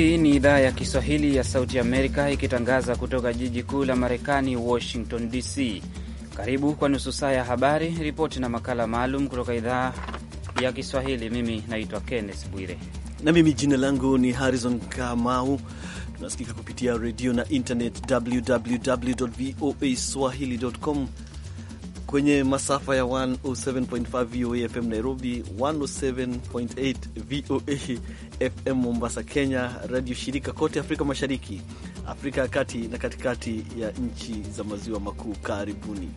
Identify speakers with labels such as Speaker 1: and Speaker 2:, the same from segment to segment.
Speaker 1: Hii ni idhaa ya Kiswahili ya Sauti Amerika ikitangaza kutoka jiji kuu la Marekani, Washington DC. Karibu kwa nusu saa ya habari, ripoti na makala maalum kutoka idhaa ya Kiswahili. Mimi naitwa Kenneth Bwire
Speaker 2: na mimi jina langu ni Harrison Kamau. Tunasikika kupitia redio na internet, www voa kwenye masafa ya 107.5 VOA FM Nairobi, 107.8 VOA FM Mombasa, Kenya, radio shirika kote Afrika Mashariki, Afrika ya Kati na katikati ya nchi za maziwa makuu. Karibuni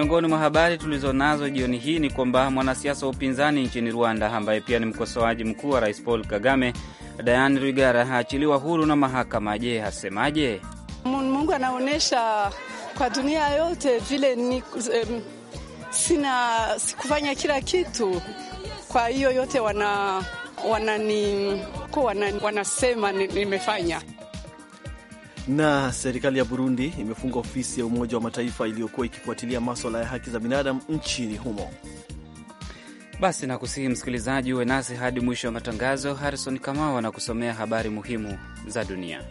Speaker 1: Miongoni mwa habari tulizonazo jioni hii ni kwamba mwanasiasa wa upinzani nchini Rwanda ambaye pia ni mkosoaji mkuu wa rais Paul Kagame, Diane Rwigara haachiliwa huru na mahakama. Je, asemaje?
Speaker 3: Mungu anaonyesha kwa dunia yote vile ni, um, sina sikufanya kila kitu, kwa hiyo yote wana wanani wanasema nimefanya
Speaker 2: na serikali ya Burundi imefunga ofisi ya Umoja wa Mataifa iliyokuwa ikifuatilia maswala ya haki za binadamu nchini humo. Basi
Speaker 1: nakusihi msikilizaji, uwe nasi hadi mwisho wa matangazo. Harrison Kamau anakusomea habari muhimu za dunia.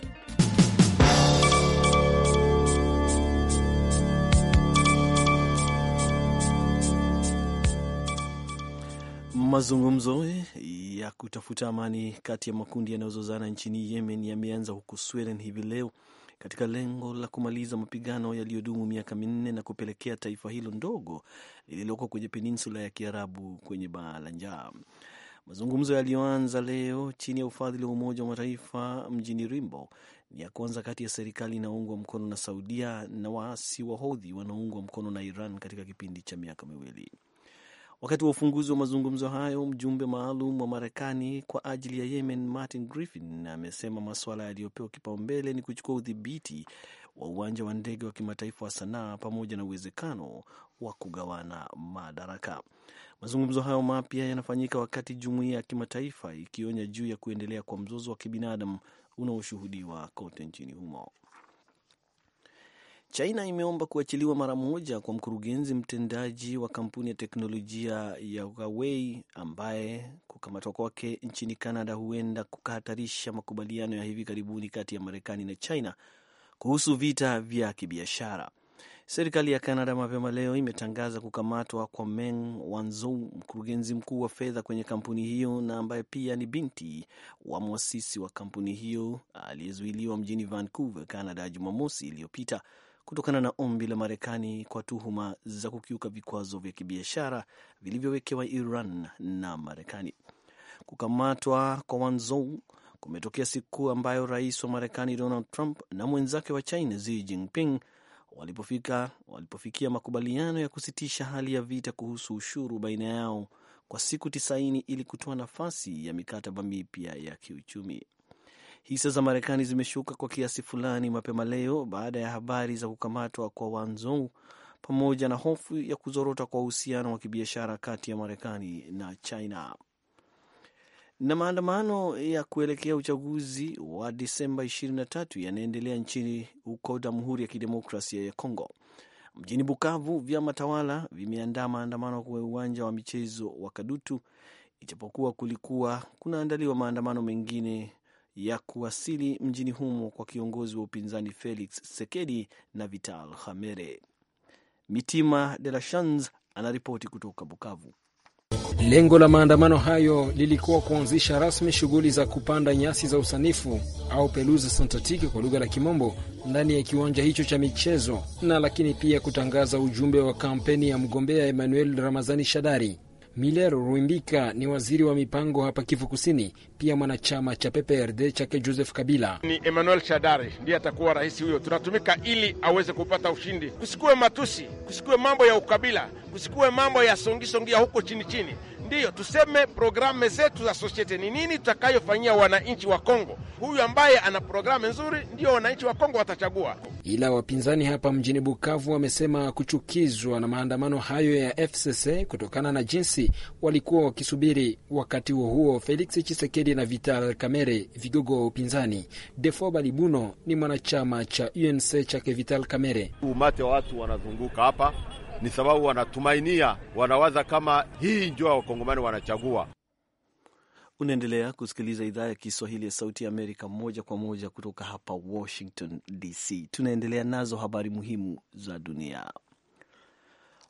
Speaker 2: Mazungumzo ya kutafuta amani kati ya makundi yanayozozana nchini Yemen yameanza huko Sweden hivi leo katika lengo la kumaliza mapigano yaliyodumu miaka minne na kupelekea taifa hilo ndogo lililoko kwenye peninsula ya Kiarabu kwenye baa la njaa. Mazungumzo yaliyoanza leo chini ya ufadhili wa Umoja wa Mataifa mjini Rimbo ni ya kwanza kati ya serikali inaoungwa mkono na Saudia na waasi wa Hodhi wanaoungwa mkono na Iran katika kipindi cha miaka miwili. Wakati wa ufunguzi wa mazungumzo hayo, mjumbe maalum wa Marekani kwa ajili ya Yemen Martin Griffin amesema masuala yaliyopewa kipaumbele ni kuchukua udhibiti wa uwanja wa ndege wa kimataifa wa Sanaa pamoja na uwezekano wa kugawana madaraka. Mazungumzo hayo mapya yanafanyika wakati jumuiya ya kimataifa ikionya juu ya kuendelea kwa mzozo wa kibinadamu unaoshuhudiwa kote nchini humo. China imeomba kuachiliwa mara moja kwa mkurugenzi mtendaji wa kampuni ya teknolojia ya Huawei ambaye kukamatwa kwake nchini Canada huenda kukahatarisha makubaliano ya hivi karibuni kati ya Marekani na China kuhusu vita vya kibiashara. Serikali ya Canada mapema leo imetangaza kukamatwa kwa Meng Wanzhou, mkurugenzi mkuu wa fedha kwenye kampuni hiyo na ambaye pia ni binti wa mwasisi wa kampuni hiyo, aliyezuiliwa mjini Vancouver, Canada, Jumamosi iliyopita kutokana na ombi la Marekani kwa tuhuma za kukiuka vikwazo vya kibiashara vilivyowekewa Iran na Marekani. Kukamatwa kwa Wanzou kumetokea siku ambayo rais wa Marekani Donald Trump na mwenzake wa China Xi Jinping walipofika walipofikia makubaliano ya kusitisha hali ya vita kuhusu ushuru baina yao kwa siku tisaini ili kutoa nafasi ya mikataba mipya ya kiuchumi. Hisa za Marekani zimeshuka kwa kiasi fulani mapema leo baada ya habari za kukamatwa kwa wanzou pamoja na hofu ya kuzorota kwa uhusiano wa kibiashara kati ya Marekani na China. Na maandamano ya kuelekea uchaguzi wa Disemba 23 yanaendelea nchini huko Jamhuri ya Kidemokrasia ya Kongo. Mjini Bukavu, vyama tawala vimeandaa maandamano kwa uwanja wa michezo wa Kadutu, ijapokuwa kulikuwa kunaandaliwa maandamano mengine ya kuwasili mjini humo kwa kiongozi wa upinzani Felix sekedi na Vital Hamere. Mitima de la Shans anaripoti kutoka Bukavu. Lengo
Speaker 4: la maandamano hayo lilikuwa kuanzisha rasmi shughuli za kupanda nyasi za usanifu au peluzi sintatiki kwa lugha la Kimombo ndani ya kiwanja hicho cha michezo na lakini pia kutangaza ujumbe wa kampeni ya mgombea Emmanuel Ramazani Shadari. Miller Ruimbika ni waziri wa mipango hapa Kivu Kusini, pia mwanachama cha PPRD chake Joseph Kabila.
Speaker 2: Ni Emmanuel Shadari ndiye atakuwa rais huyo, tunatumika ili aweze kupata ushindi. Kusikuwe
Speaker 4: matusi, kusikuwe mambo ya ukabila, kusikuwe mambo ya songisongia huko chini chini ndiyo tuseme programu zetu za society ni nini tutakayofanyia wananchi wa Kongo. Huyu ambaye ana programu nzuri ndiyo wananchi wa Kongo watachagua. Ila wapinzani hapa mjini Bukavu wamesema kuchukizwa na maandamano hayo ya FCC kutokana na jinsi walikuwa wakisubiri. Wakati huo huo, Felix chisekedi na Vital Kamerhe, vigogo wa upinzani.
Speaker 2: Defo Balibuno ni mwanachama cha UNC chake Vital Kamerhe.
Speaker 4: Umate wa watu wanazunguka hapa ni sababu wanatumainia, wanawaza kama hii njua wakongomani wanachagua.
Speaker 2: Unaendelea kusikiliza idhaa ya Kiswahili ya Sauti ya Amerika moja kwa moja kutoka hapa Washington DC. Tunaendelea nazo habari muhimu za dunia.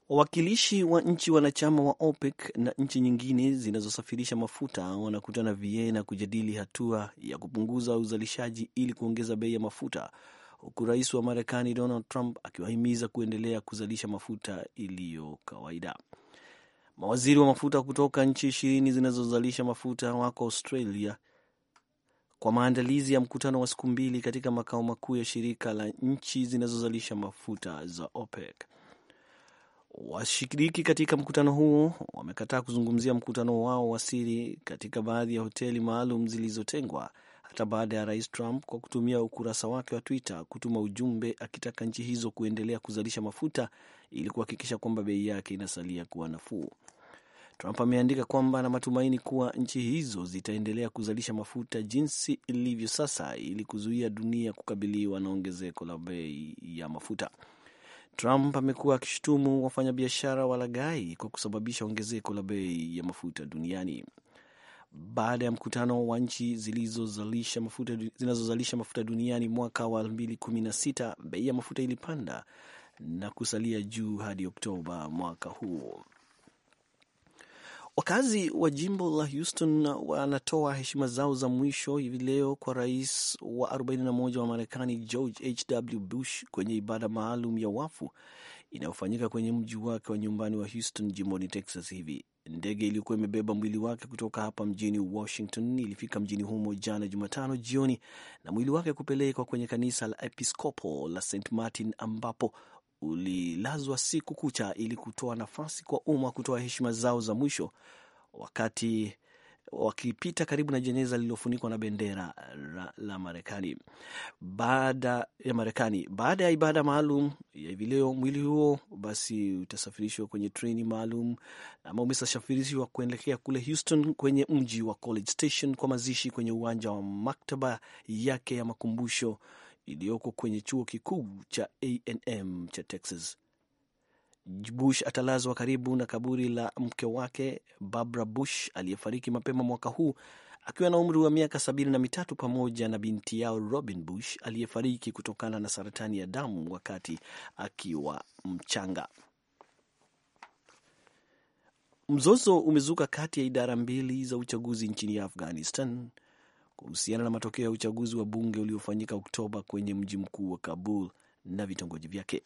Speaker 2: Wawakilishi wa nchi wanachama wa OPEC na nchi nyingine zinazosafirisha mafuta wanakutana Vienna kujadili hatua ya kupunguza uzalishaji ili kuongeza bei ya mafuta huku rais wa Marekani Donald Trump akiwahimiza kuendelea kuzalisha mafuta iliyo kawaida. Mawaziri wa mafuta kutoka nchi ishirini zinazozalisha mafuta wako Australia kwa maandalizi ya mkutano wa siku mbili katika makao makuu ya shirika la nchi zinazozalisha mafuta za OPEC. Washiriki katika mkutano huo wamekataa kuzungumzia mkutano wao wa siri katika baadhi ya hoteli maalum zilizotengwa hata baada ya Rais Trump kwa kutumia ukurasa wake wa Twitter kutuma ujumbe akitaka nchi hizo kuendelea kuzalisha mafuta ili kuhakikisha kwamba bei yake inasalia kuwa nafuu. Trump ameandika kwamba ana matumaini kuwa nchi hizo zitaendelea kuzalisha mafuta jinsi ilivyo sasa ili kuzuia dunia kukabiliwa na ongezeko la bei ya mafuta. Trump amekuwa akishutumu wafanyabiashara walaghai kwa kusababisha ongezeko la bei ya mafuta duniani baada ya mkutano wa nchi zinazozalisha mafuta, zinazozalisha mafuta duniani mwaka wa 2016 bei ya mafuta ilipanda na kusalia juu hadi Oktoba mwaka huo. Wakazi wa jimbo la Houston wanatoa heshima zao za mwisho hivi leo kwa rais wa 41 wa Marekani George H.W. Bush kwenye ibada maalum ya wafu inayofanyika kwenye mji wake wa nyumbani wa Houston jimboni Texas. Hivi ndege iliyokuwa imebeba mwili wake kutoka hapa mjini Washington ilifika mjini humo jana Jumatano jioni na mwili wake kupelekwa kwenye kanisa la Episcopal la St Martin ambapo ulilazwa siku kucha ili kutoa nafasi kwa umma kutoa heshima zao za mwisho wakati wakipita karibu na jeneza lililofunikwa na bendera la, la Marekani baada ya Marekani. Baada ya ibada maalum hivi leo, mwili huo basi utasafirishwa kwenye treni maalum ama umesafirishwa kuelekea kule Houston kwenye mji wa College Station kwa mazishi kwenye uwanja wa maktaba yake ya makumbusho iliyoko kwenye chuo kikuu cha A&M cha Texas. Bush atalazwa karibu na kaburi la mke wake Barbara Bush aliyefariki mapema mwaka huu akiwa na umri wa miaka sabini na mitatu pamoja na binti yao Robin Bush aliyefariki kutokana na saratani ya damu wakati akiwa mchanga. Mzozo umezuka kati ya idara mbili za uchaguzi nchini Afghanistan kuhusiana na matokeo ya uchaguzi wa bunge uliofanyika Oktoba kwenye mji mkuu wa Kabul na vitongoji vyake.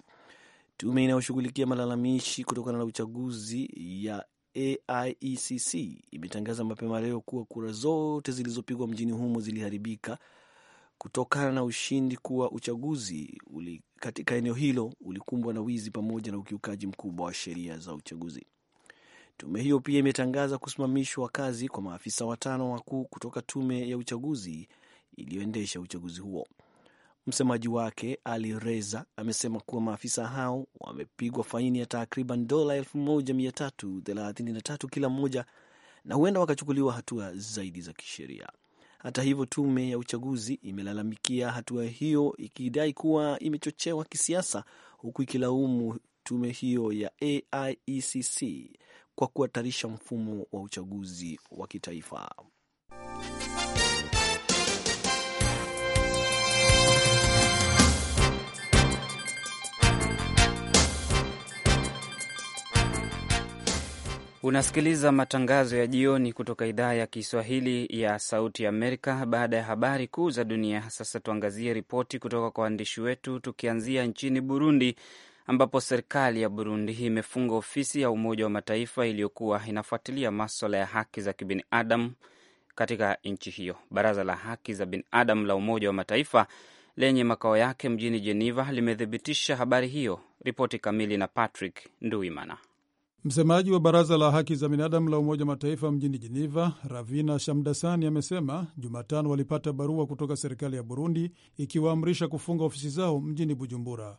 Speaker 2: Tume inayoshughulikia malalamishi kutokana na uchaguzi ya AIECC imetangaza mapema leo kuwa kura zote zilizopigwa mjini humo ziliharibika kutokana na ushindi kuwa uchaguzi uli, katika eneo hilo ulikumbwa na wizi pamoja na ukiukaji mkubwa wa sheria za uchaguzi. Tume hiyo pia imetangaza kusimamishwa kazi kwa maafisa watano wakuu kutoka tume ya uchaguzi iliyoendesha uchaguzi huo. Msemaji wake Ali Reza amesema kuwa maafisa hao wamepigwa faini ya takriban dola 1333 kila mmoja na huenda wakachukuliwa hatua zaidi za kisheria. Hata hivyo, tume ya uchaguzi imelalamikia hatua hiyo ikidai kuwa imechochewa kisiasa, huku ikilaumu tume hiyo ya AIECC kwa kuhatarisha mfumo wa uchaguzi wa kitaifa.
Speaker 1: Unasikiliza matangazo ya jioni kutoka idhaa ya Kiswahili ya Sauti ya Amerika. Baada ya habari kuu za dunia, sasa tuangazie ripoti kutoka kwa waandishi wetu, tukianzia nchini Burundi ambapo serikali ya Burundi imefunga ofisi ya Umoja wa Mataifa iliyokuwa inafuatilia maswala ya haki za kibinadamu katika nchi hiyo. Baraza la haki za binadamu la Umoja wa Mataifa lenye makao yake mjini Jeneva limethibitisha habari hiyo. Ripoti kamili na Patrick Nduimana.
Speaker 4: Msemaji wa baraza la haki za binadamu la Umoja Mataifa mjini Jeneva, Ravina Shamdasani, amesema Jumatano walipata barua kutoka serikali ya Burundi ikiwaamrisha kufunga ofisi zao mjini Bujumbura.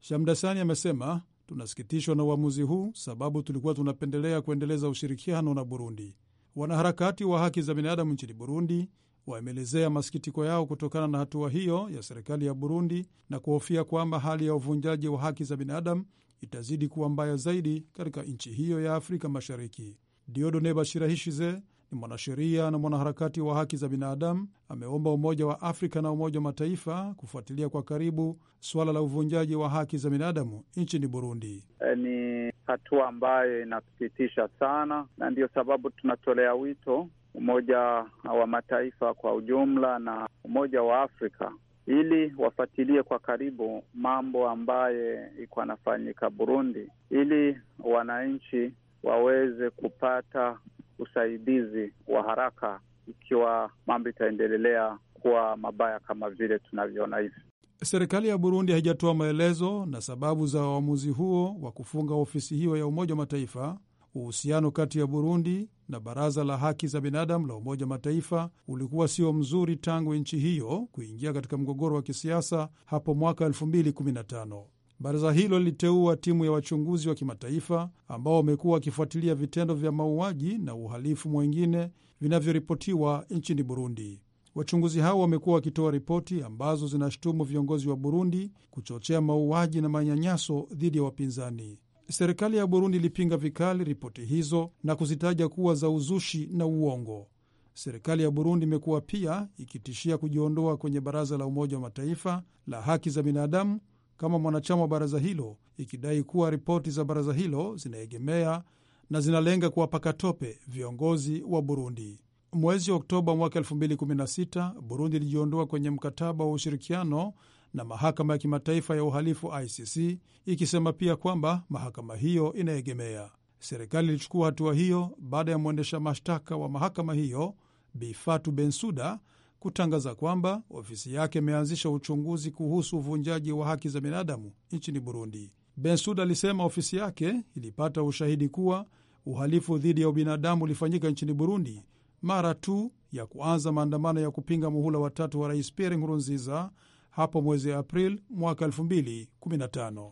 Speaker 4: Shamdasani amesema tunasikitishwa na uamuzi huu, sababu tulikuwa tunapendelea kuendeleza ushirikiano na Burundi. Wanaharakati wa haki za binadamu nchini Burundi wameelezea masikitiko yao kutokana na hatua hiyo ya serikali ya Burundi na kuhofia kwamba hali ya uvunjaji wa haki za binadamu itazidi kuwa mbaya zaidi katika nchi hiyo ya Afrika Mashariki. Diodone Bashirahishize ni mwanasheria na mwanaharakati wa haki za binadamu. Ameomba Umoja wa Afrika na Umoja wa Mataifa kufuatilia kwa karibu suala la uvunjaji wa haki za binadamu nchini Burundi. E, ni hatua ambayo inasikitisha sana, na ndiyo sababu tunatolea wito Umoja wa Mataifa kwa ujumla na Umoja wa Afrika ili wafuatilie kwa karibu mambo ambaye iko anafanyika Burundi, ili wananchi waweze kupata usaidizi wa haraka ikiwa mambo itaendelea kuwa mabaya kama vile tunavyoona hivi. Serikali ya Burundi haijatoa maelezo na sababu za uamuzi huo wa kufunga ofisi hiyo ya Umoja wa Mataifa uhusiano kati ya Burundi na Baraza la Haki za Binadamu la Umoja Mataifa ulikuwa sio mzuri tangu nchi hiyo kuingia katika mgogoro wa kisiasa hapo mwaka 2015. Baraza hilo liliteua timu ya wachunguzi wa kimataifa ambao wamekuwa wakifuatilia vitendo vya mauaji na uhalifu mwengine vinavyoripotiwa nchini Burundi. Wachunguzi hao wamekuwa wakitoa ripoti ambazo zinashutumu viongozi wa Burundi kuchochea mauaji na manyanyaso dhidi ya wapinzani. Serikali ya Burundi ilipinga vikali ripoti hizo na kuzitaja kuwa za uzushi na uongo. Serikali ya Burundi imekuwa pia ikitishia kujiondoa kwenye Baraza la Umoja wa Mataifa la Haki za Binadamu kama mwanachama wa baraza hilo, ikidai kuwa ripoti za baraza hilo zinaegemea na zinalenga kuwapaka tope viongozi wa Burundi. Mwezi Oktoba mwaka 2016 Burundi ilijiondoa kwenye mkataba wa ushirikiano na mahakama ya kimataifa ya uhalifu ICC ikisema pia kwamba mahakama hiyo inaegemea serikali. Ilichukua hatua hiyo baada ya mwendesha mashtaka wa mahakama hiyo bifatu Bensuda kutangaza kwamba ofisi yake imeanzisha uchunguzi kuhusu uvunjaji wa haki za binadamu nchini Burundi. Bensuda alisema ofisi yake ilipata ushahidi kuwa uhalifu dhidi ya ubinadamu ulifanyika nchini Burundi mara tu ya kuanza maandamano ya kupinga muhula watatu wa rais Pierre Nkurunziza hapo mwezi April mwaka 2015.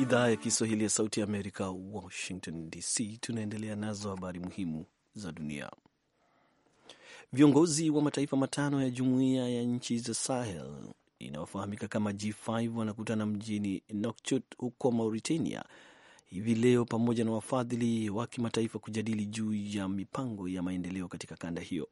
Speaker 2: Idhaa ya Kiswahili ya Sauti ya Amerika, Washington DC. Tunaendelea nazo habari muhimu za dunia. Viongozi wa mataifa matano ya jumuiya ya nchi za Sahel inayofahamika kama G5 wanakutana mjini Nouakchott huko Mauritania hivi leo pamoja na wafadhili wa kimataifa kujadili juu ya mipango ya maendeleo katika kanda hiyo.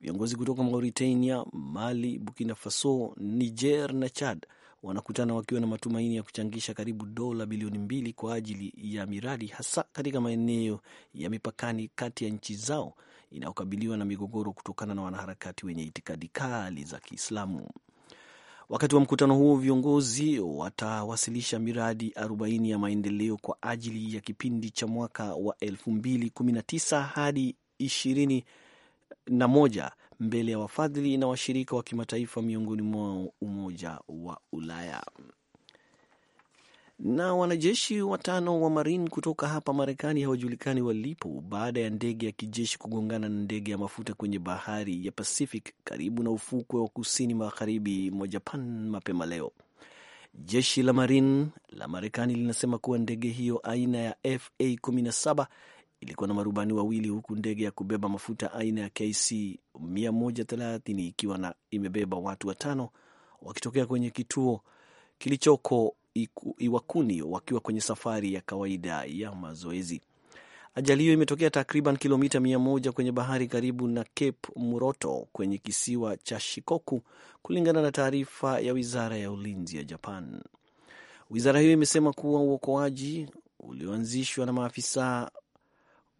Speaker 2: Viongozi kutoka Mauritania, Mali, Burkina Faso, Niger na Chad wanakutana wakiwa na matumaini ya kuchangisha karibu dola bilioni mbili kwa ajili ya miradi hasa katika maeneo ya mipakani kati ya nchi zao inayokabiliwa na migogoro kutokana na wanaharakati wenye itikadi kali za Kiislamu. Wakati wa mkutano huo, viongozi watawasilisha miradi 40 ya maendeleo kwa ajili ya kipindi cha mwaka wa 2019 hadi na moja mbele ya wafadhili na washirika wa kimataifa miongoni mwao Umoja wa Ulaya. Na wanajeshi watano wa Marine kutoka hapa Marekani hawajulikani walipo baada ya ndege ya kijeshi kugongana na ndege ya mafuta kwenye bahari ya Pacific karibu na ufukwe wa kusini magharibi mwa Japan mapema leo. Jeshi la Marine la Marekani linasema kuwa ndege hiyo aina ya FA 17 ilikuwa na marubani wawili huku ndege ya kubeba mafuta aina ya KC 130 ikiwa na imebeba watu watano wakitokea kwenye kituo kilichoko Iwakuni wakiwa kwenye safari ya kawaida ya mazoezi. Ajali hiyo imetokea takriban kilomita 1 kwenye bahari karibu na Cape Muroto kwenye kisiwa cha Shikoku, kulingana na taarifa ya wizara ya ulinzi ya Japan. Wizara hiyo imesema kuwa uokoaji ulioanzishwa na maafisa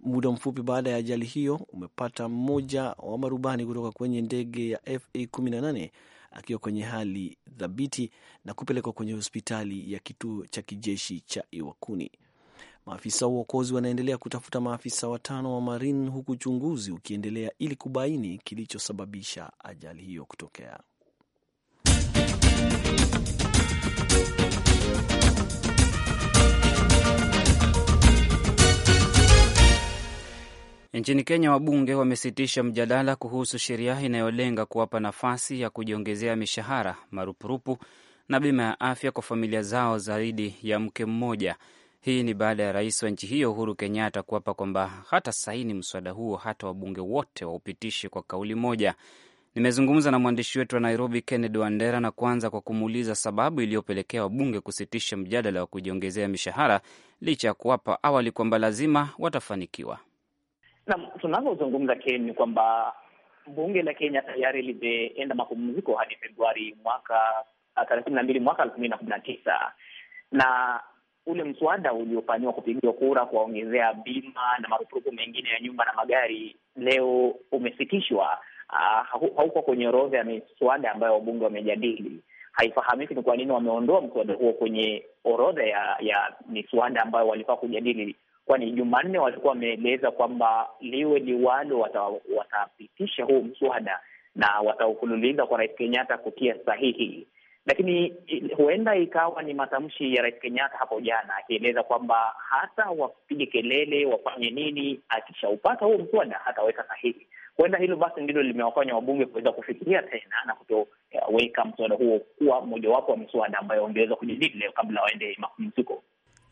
Speaker 2: Muda mfupi baada ya ajali hiyo umepata mmoja wa marubani kutoka kwenye ndege ya FA18 akiwa kwenye hali thabiti na kupelekwa kwenye hospitali ya kituo cha kijeshi cha Iwakuni. Maafisa wa uokozi wanaendelea kutafuta maafisa watano wa Marine huku uchunguzi ukiendelea ili kubaini kilichosababisha ajali hiyo kutokea.
Speaker 1: Nchini Kenya, wabunge wamesitisha mjadala kuhusu sheria inayolenga kuwapa nafasi ya kujiongezea mishahara, marupurupu na bima ya afya kwa familia zao zaidi ya mke mmoja. Hii ni baada ya rais wa nchi hiyo Uhuru Kenyatta kuapa kwamba hata saini mswada huo hata wabunge wote waupitishe kwa kauli moja. Nimezungumza na mwandishi wetu wa Nairobi, Kennedy Wandera, na kuanza kwa kumuuliza sababu iliyopelekea wabunge kusitisha mjadala wa kujiongezea mishahara licha ya kuwapa awali kwamba lazima watafanikiwa.
Speaker 5: Naam, tunavyozungumza Ken, ni kwamba bunge la Kenya tayari limeenda mapumziko hadi Februari mwaka ah, tarehe kumi na mbili mwaka elfu mbili na kumi na tisa na ule mswada uliofanyiwa kupigiwa kura kuwaongezea bima na marupurupu mengine ya nyumba na magari leo umesitishwa. Uh, ah, hauko kwenye orodha ya miswada ambayo wabunge wamejadili. Haifahamiki ni kwa nini wameondoa mswada huo kwenye orodha ya ya miswada ambayo walifaa kujadili kwani Jumanne walikuwa wameeleza kwamba liwe liwalo, watapitisha wata huu mswada na wataukululiza kwa Rais Kenyatta kutia sahihi, lakini huenda ikawa ni matamshi ya Rais Kenyatta hapo jana akieleza kwamba hata wapige kelele wafanye nini, akishaupata huu mswada ataweka sahihi. Huenda hilo basi ndilo limewafanya wabunge kuweza kufikiria tena na kutoweka mswada huo kuwa mojawapo wa miswada ambayo wangeweza kujadili leo kabla waende mapumziko.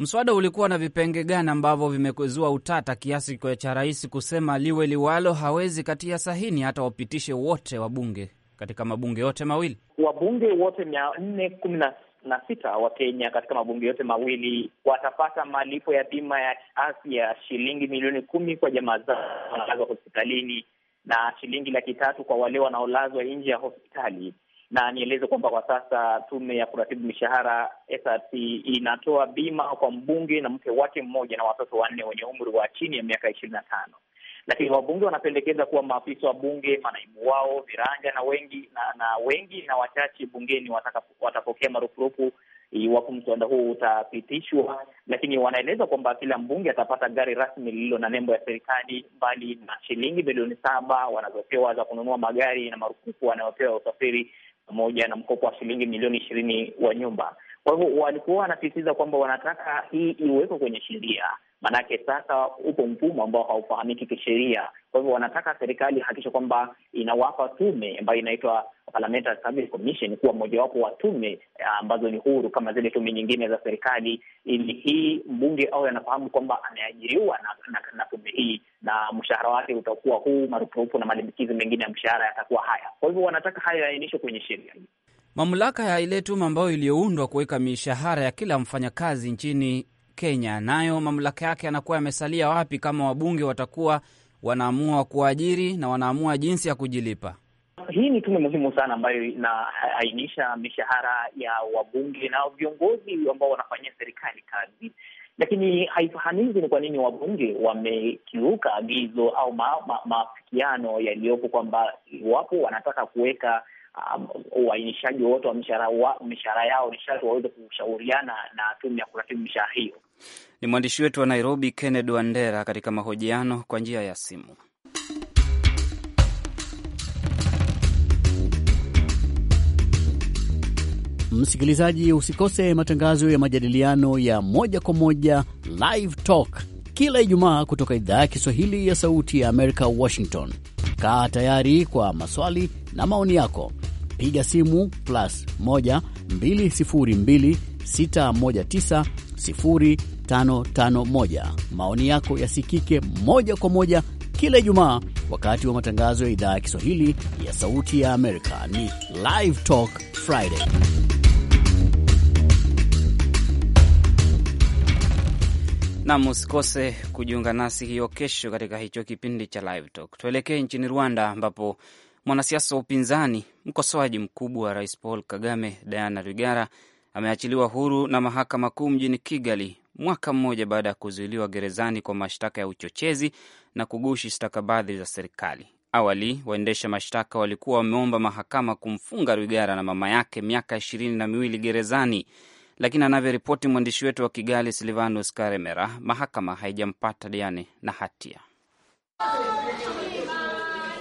Speaker 1: Mswada ulikuwa na vipenge gani ambavyo vimezua utata kiasi cha rais kusema liwe liwalo, hawezi katia sahini hata wapitishe wote wabunge katika mabunge yote mawili,
Speaker 5: wabunge wote mia nne kumi na na sita wa Kenya katika mabunge yote mawili watapata malipo ya bima ya afya shilingi milioni kumi kwa jamaa zao wanaolazwa hospitalini na shilingi laki tatu kwa wale wanaolazwa nje ya hospitali na nieleze kwamba kwa sasa tume ya kuratibu mishahara SRC inatoa bima kwa mbunge na mke wake mmoja na watoto wanne wenye umri wa chini ya miaka ishirini na tano lakini wabunge wanapendekeza kuwa maafisa wa bunge, manaibu wao, viranja na wengi na, na wengi na wachache bungeni watapokea marupurupu iwapo mswada huu utapitishwa. Lakini wanaeleza kwamba kila mbunge atapata gari rasmi lililo na nembo ya serikali, mbali na shilingi milioni saba wanazopewa za kununua magari na marupurupu wanayopewa ya usafiri pamoja na mkopo wa shilingi milioni ishirini wa nyumba. Kwa hivyo walikuwa wanasisitiza kwamba wanataka hii iwekwe kwenye sheria maanake sasa upo mfumo ambao haufahamiki kisheria. Kwa hivyo wanataka serikali hakikisha kwamba inawapa tume ambayo inaitwa Parliamentary Service Commission kuwa mojawapo wa tume eh, ambazo ni huru kama zile tume nyingine za serikali, ili hii mbunge au anafahamu kwamba ameajiriwa na, na tume hii na mshahara wake utakuwa huu, marupurupu na malimbikizi mengine ya mshahara yatakuwa haya. Kwa hivyo wanataka hayo yaainishwe kwenye sheria.
Speaker 1: Mamlaka ya ile tume ambayo iliyoundwa kuweka mishahara ya kila mfanyakazi nchini Kenya nayo mamlaka yake yanakuwa yamesalia wapi kama wabunge watakuwa wanaamua kuajiri na wanaamua jinsi ya kujilipa?
Speaker 5: Hii ni tume muhimu sana ambayo inaainisha mishahara ya wabunge na viongozi ambao wanafanyia serikali kazi, lakini haifahamiki ni kwa nini wabunge wamekiuka agizo au maafikiano ma, ma, yaliyopo kwamba iwapo wanataka kuweka Um, uainishaji um, wote wa mishahara yao ni sharti waweze kushauriana na tume ya kuratibu mishahara hiyo.
Speaker 1: Ni mwandishi wetu wa Nairobi, Kennedy Wandera, katika mahojiano kwa njia ya simu. Msikilizaji, usikose matangazo ya majadiliano ya moja kwa moja Live Talk kila Ijumaa kutoka idhaa ya Kiswahili ya Sauti ya Amerika, Washington. Kaa tayari kwa maswali na maoni yako piga simu plus 1 Maoni yako yasikike moja kwa moja kila Ijumaa wakati wa matangazo ya idhaa ya Kiswahili ya Sauti ya Amerika. Ni Live Talk Friday. Nam, usikose kujiunga nasi hiyo kesho katika hicho kipindi cha Live Talk. Tuelekee nchini Rwanda ambapo mwanasiasa wa upinzani mkosoaji mkubwa wa rais Paul Kagame, Diana Rigara ameachiliwa huru na mahakama kuu mjini Kigali mwaka mmoja baada ya kuzuiliwa gerezani kwa mashtaka ya uchochezi na kugushi stakabadhi za serikali. Awali waendesha mashtaka walikuwa wameomba mahakama kumfunga Rwigara na mama yake miaka ishirini na miwili gerezani, lakini anavyoripoti mwandishi wetu wa Kigali Silvanus Karemera, mahakama haijampata
Speaker 3: Diane na hatia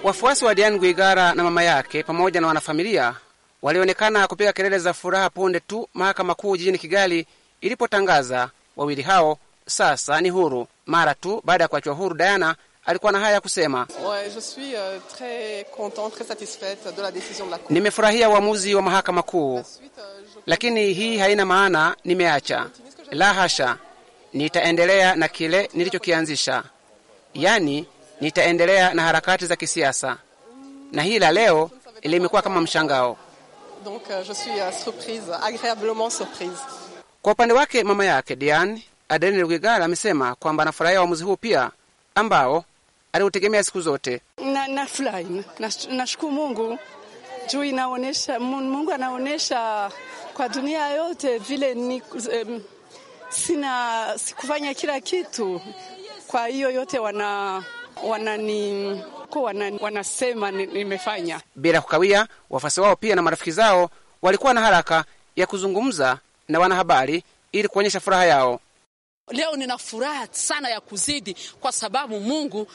Speaker 3: Wafuasi wa Diane Gwigara na mama yake pamoja na wanafamilia walionekana kupiga kelele za furaha punde tu mahakama kuu jijini Kigali ilipotangaza wawili hao sasa ni huru. Mara tu baada ya kuachiwa huru, Diana alikuwa na haya ya kusema: euh, nimefurahia uamuzi wa mahakama kuu, euh, lakini hii haina maana nimeacha. La hasha, nitaendelea na kile nilichokianzisha, yani nitaendelea na harakati za kisiasa, na hii la leo limekuwa kama mshangao. Donc, euh, je suis euh, surprise, agreeablement surprise. Kwa upande wake mama yake Diane Adeline Rwigara amesema kwamba anafurahia uamuzi huu pia ambao aliutegemea siku zote. Nafurahi na nashukuru na Mungu juu inaonesha Mungu anaonyesha kwa dunia yote vile ni, um, sina sikufanya kila kitu, kwa hiyo yote wana wanani wanasema nimefanya bila kukawia. Wafuasi wao pia na marafiki zao walikuwa na haraka ya kuzungumza na wanahabari ili kuonyesha furaha yao.
Speaker 6: Leo nina furaha sana ya kuzidi kwa sababu Mungu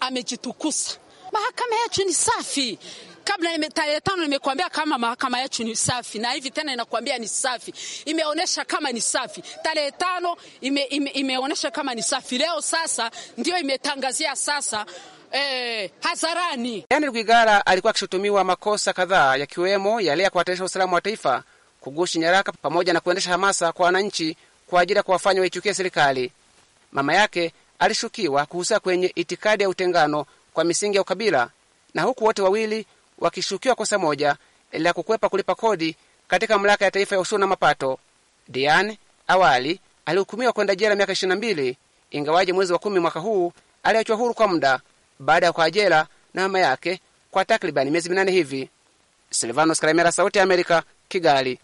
Speaker 6: amejitukusa. Mahakama yetu ni safi kabla nime, tarehe tano nimekuambia kama mahakama yetu ni safi, na hivi tena inakuambia ni safi, imeonesha kama ni safi. Tarehe tano ime, ime, imeonesha kama ni safi, leo sasa ndio imetangazia sasa Eh, hadharani.
Speaker 3: Yani Rwigara alikuwa akishutumiwa makosa kadhaa yakiwemo yale ya kuhatarisha usalama wa taifa, kugushi nyaraka, pamoja na kuendesha hamasa kwa wananchi kwa ajili ya kuwafanya waichukie serikali. Mama yake alishukiwa kuhusika kwenye itikadi ya utengano kwa misingi ya ukabila, na huku wote wawili wakishukiwa kosa moja la kukwepa kulipa kodi katika mamlaka ya taifa ya ushuru na mapato. Dian awali alihukumiwa kwenda jela miaka mbili ingawaje mwezi wa kumi mwaka huu aliachwa huru kwa muda baada ya kwa jela na mama yake kwa takribani miezi minane hivi. Silvanos Kalemera, Sauti ya Amerika, Kigali.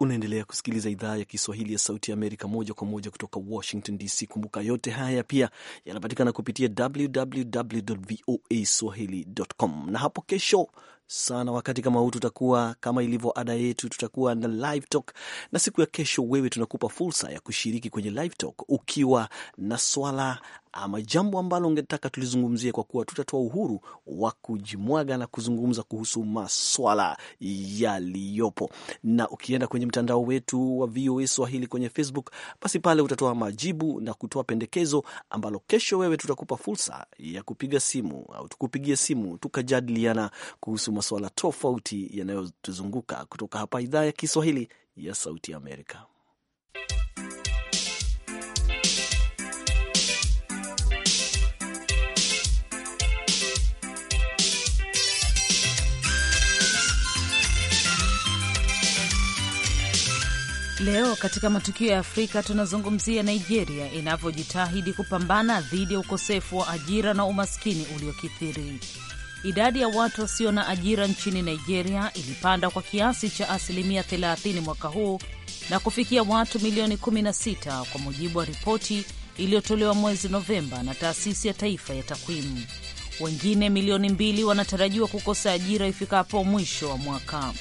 Speaker 2: Unaendelea kusikiliza idhaa ya Kiswahili ya Sauti ya Amerika moja kwa moja kutoka Washington DC. Kumbuka yote haya pia yanapatikana kupitia www voa swahili.com, na hapo kesho sana. Wakati kama huu tutakuwa kama ilivyo ada yetu, tutakuwa na live talk, na siku ya kesho wewe tunakupa fursa ya kushiriki kwenye live talk ukiwa na swala ama jambo ambalo ungetaka tulizungumzie, kwa kuwa tutatoa uhuru wa kujimwaga na kuzungumza kuhusu maswala yaliyopo. Na ukienda kwenye mtandao wetu wa VOA Swahili kwenye Facebook, basi pale utatoa majibu na kutoa pendekezo ambalo kesho wewe tutakupa fursa ya kupiga simu au tukupigie simu tukajadiliana kuhusu masuala tofauti yanayotuzunguka kutoka hapa idhaa ya Kiswahili ya Sauti Amerika.
Speaker 6: Leo katika matukio ya Afrika tunazungumzia Nigeria inavyojitahidi kupambana dhidi ya ukosefu wa ajira na umaskini uliokithiri idadi ya watu wasio na ajira nchini Nigeria ilipanda kwa kiasi cha asilimia 30 mwaka huu na kufikia watu milioni 16 kwa mujibu wa ripoti iliyotolewa mwezi Novemba na taasisi ya taifa ya takwimu. Wengine milioni mbili wanatarajiwa kukosa ajira ifikapo mwisho wa mwaka.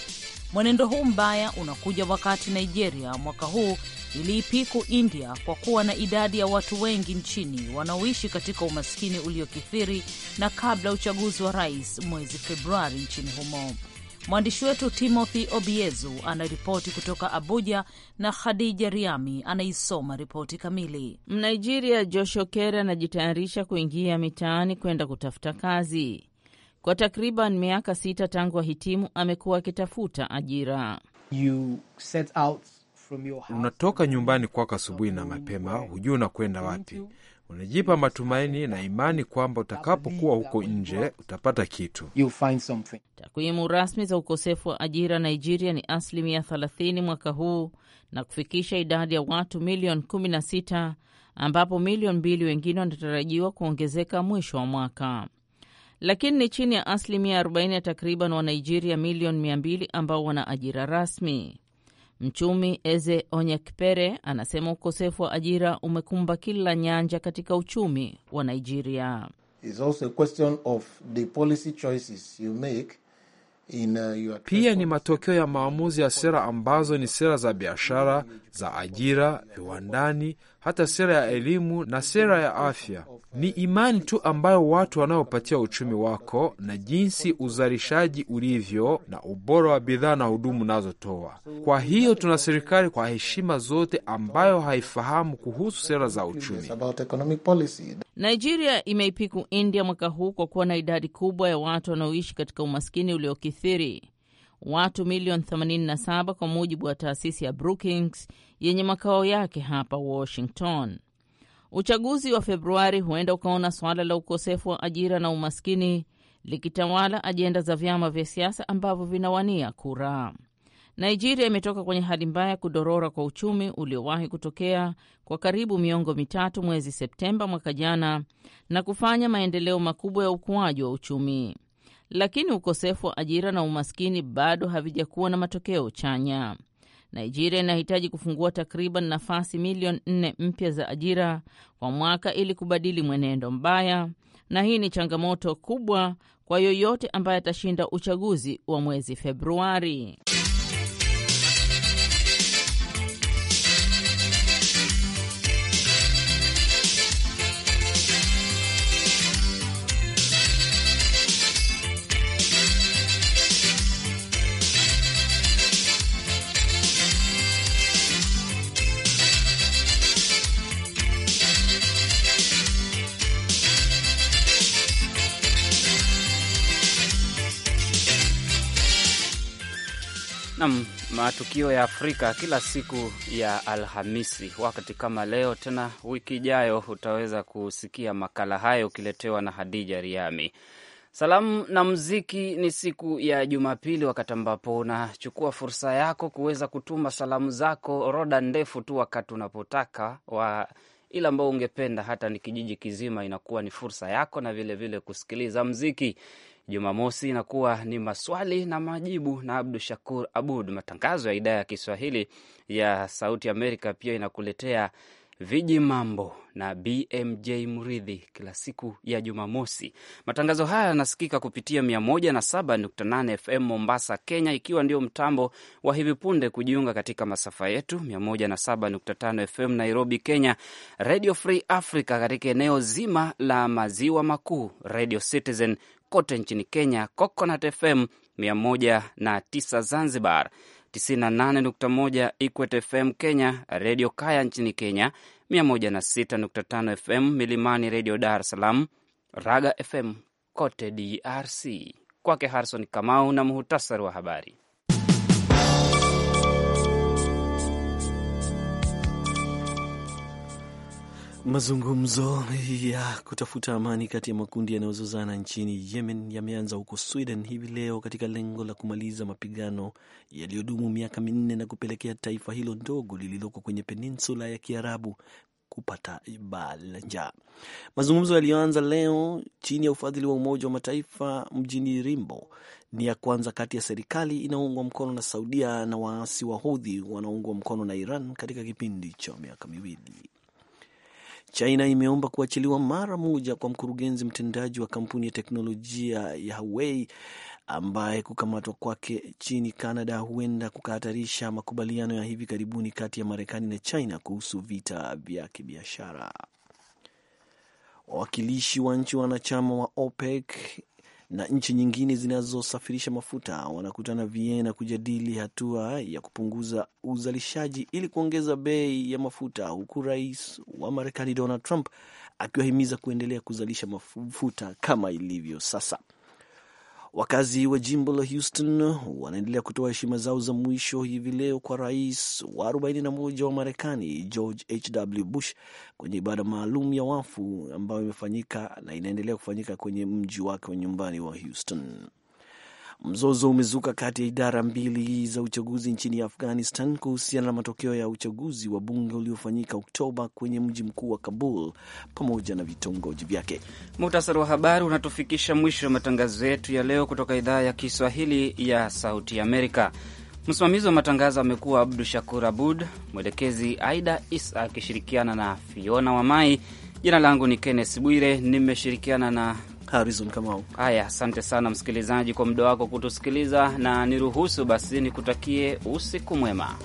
Speaker 6: Mwenendo huu mbaya unakuja wakati Nigeria mwaka huu iliipiku India kwa kuwa na idadi ya watu wengi nchini wanaoishi katika umaskini uliokithiri na kabla uchaguzi wa rais mwezi Februari nchini humo. Mwandishi wetu Timothy Obiezu anaripoti kutoka Abuja na Khadija Riami anaisoma ripoti kamili. Mnigeria Josh Okere anajitayarisha kuingia mitaani kwenda kutafuta kazi. Kwa takriban miaka sita tangu ahitimu, amekuwa akitafuta ajira.
Speaker 4: You set out Unatoka nyumbani kwako asubuhi na mapema, hujui unakwenda wapi. Unajipa matumaini na imani kwamba utakapokuwa huko nje utapata kitu.
Speaker 6: Takwimu rasmi za ukosefu wa ajira Nigeria ni asilimia 30 mwaka huu na kufikisha idadi ya watu milioni 16 ambapo milioni mbili wengine wanatarajiwa kuongezeka mwisho wa mwaka, lakini ni chini ya asilimia 40 ya takriban wa Nigeria milioni 200 ambao wana ajira rasmi. Mchumi Eze Onyekpere anasema ukosefu wa ajira umekumba kila nyanja katika uchumi wa Nigeria.
Speaker 4: Uh, Pia ni matokeo ya maamuzi ya sera ambazo ni sera za biashara, za ajira, viwandani hata sera ya elimu na sera ya afya. Ni imani tu ambayo watu wanaopatia uchumi wako na jinsi uzalishaji ulivyo na ubora wa bidhaa na huduma unazotoa. Kwa hiyo tuna serikali kwa heshima zote ambayo haifahamu kuhusu sera za uchumi.
Speaker 6: Nigeria imeipiku India mwaka huu kwa kuwa na idadi kubwa ya watu wanaoishi katika umaskini uliokithiri watu milioni 87 kwa mujibu wa taasisi ya Brookings yenye makao yake hapa Washington. Uchaguzi wa Februari huenda ukaona suala la ukosefu wa ajira na umaskini likitawala ajenda za vyama vya siasa ambavyo vinawania kura. Nigeria imetoka kwenye hali mbaya kudorora kwa uchumi uliowahi kutokea kwa karibu miongo mitatu mwezi Septemba mwaka jana na kufanya maendeleo makubwa ya ukuaji wa uchumi lakini ukosefu wa ajira na umaskini bado havijakuwa na matokeo chanya. Nigeria inahitaji kufungua takriban nafasi milioni nne mpya za ajira kwa mwaka ili kubadili mwenendo mbaya, na hii ni changamoto kubwa kwa yoyote ambaye atashinda uchaguzi wa mwezi Februari.
Speaker 1: Nam, matukio ya Afrika kila siku ya Alhamisi wakati kama leo, tena wiki ijayo utaweza kusikia makala hayo ukiletewa na Hadija Riami. Salamu na muziki ni siku ya Jumapili, wakati ambapo unachukua fursa yako kuweza kutuma salamu zako, roda ndefu tu wakati unapotaka wa ila ambao ungependa hata ni kijiji kizima, inakuwa ni fursa yako na vilevile vile kusikiliza mziki. Jumamosi inakuwa ni maswali na majibu na Abdu Shakur Abud. Matangazo ya idhaa ya Kiswahili ya Sauti Amerika pia inakuletea viji mambo na BMJ Mridhi kila siku ya Jumamosi. Matangazo haya yanasikika kupitia 107.8 FM Mombasa, Kenya, ikiwa ndio mtambo wa hivi punde kujiunga katika masafa yetu 107.5 FM Nairobi, Kenya, Radio Free Africa katika eneo zima la maziwa makuu, Radio Citizen kote nchini Kenya, Coconut FM 109 Zanzibar, 98.1 Ikwet FM Kenya, Redio Kaya nchini Kenya, 106.5 FM Milimani Redio Dar es Salaam, Raga FM kote DRC. Kwake Harrison Kamau na muhutasari wa habari.
Speaker 2: Mazungumzo ya kutafuta amani kati ya makundi yanayozozana nchini Yemen yameanza huko Sweden hivi leo katika lengo la kumaliza mapigano yaliyodumu miaka minne na kupelekea taifa hilo ndogo lililoko kwenye peninsula ya Kiarabu kupata baa la njaa. Mazungumzo yaliyoanza leo chini ya ufadhili wa Umoja wa Mataifa mjini Rimbo ni ya kwanza kati ya serikali inayoungwa mkono na Saudia na waasi wa Hudhi wanaoungwa mkono na Iran katika kipindi cha miaka miwili. China imeomba kuachiliwa mara moja kwa mkurugenzi mtendaji wa kampuni ya teknolojia ya Huawei ambaye kukamatwa kwake chini Canada huenda kukahatarisha makubaliano ya hivi karibuni kati ya Marekani na China kuhusu vita vya kibiashara. Wawakilishi wa nchi wanachama wa OPEC na nchi nyingine zinazosafirisha mafuta wanakutana Vienna kujadili hatua ya kupunguza uzalishaji ili kuongeza bei ya mafuta, huku rais wa Marekani Donald Trump akiwahimiza kuendelea kuzalisha mafuta kama ilivyo sasa. Wakazi wa jimbo la Houston wanaendelea kutoa heshima zao za mwisho hivi leo kwa rais wa 41 wa Marekani George HW Bush kwenye ibada maalum ya wafu ambayo imefanyika na inaendelea kufanyika kwenye mji wake wa nyumbani wa Houston. Mzozo umezuka kati ya idara mbili za uchaguzi nchini Afghanistan kuhusiana na matokeo ya uchaguzi wa bunge uliofanyika Oktoba kwenye mji mkuu wa Kabul pamoja na vitongoji vyake. Muhtasari wa habari unatufikisha mwisho wa matangazo yetu ya leo kutoka idhaa
Speaker 1: ya Kiswahili ya Sauti Amerika. Msimamizi wa matangazo amekuwa Abdu Shakur Abud, mwelekezi Aida Isa akishirikiana na Fiona Wamai. Jina langu ni Kenneth Bwire, nimeshirikiana na Harrison Kamau. Haya, asante sana msikilizaji kwa muda wako kutusikiliza, na niruhusu basi nikutakie usiku mwema.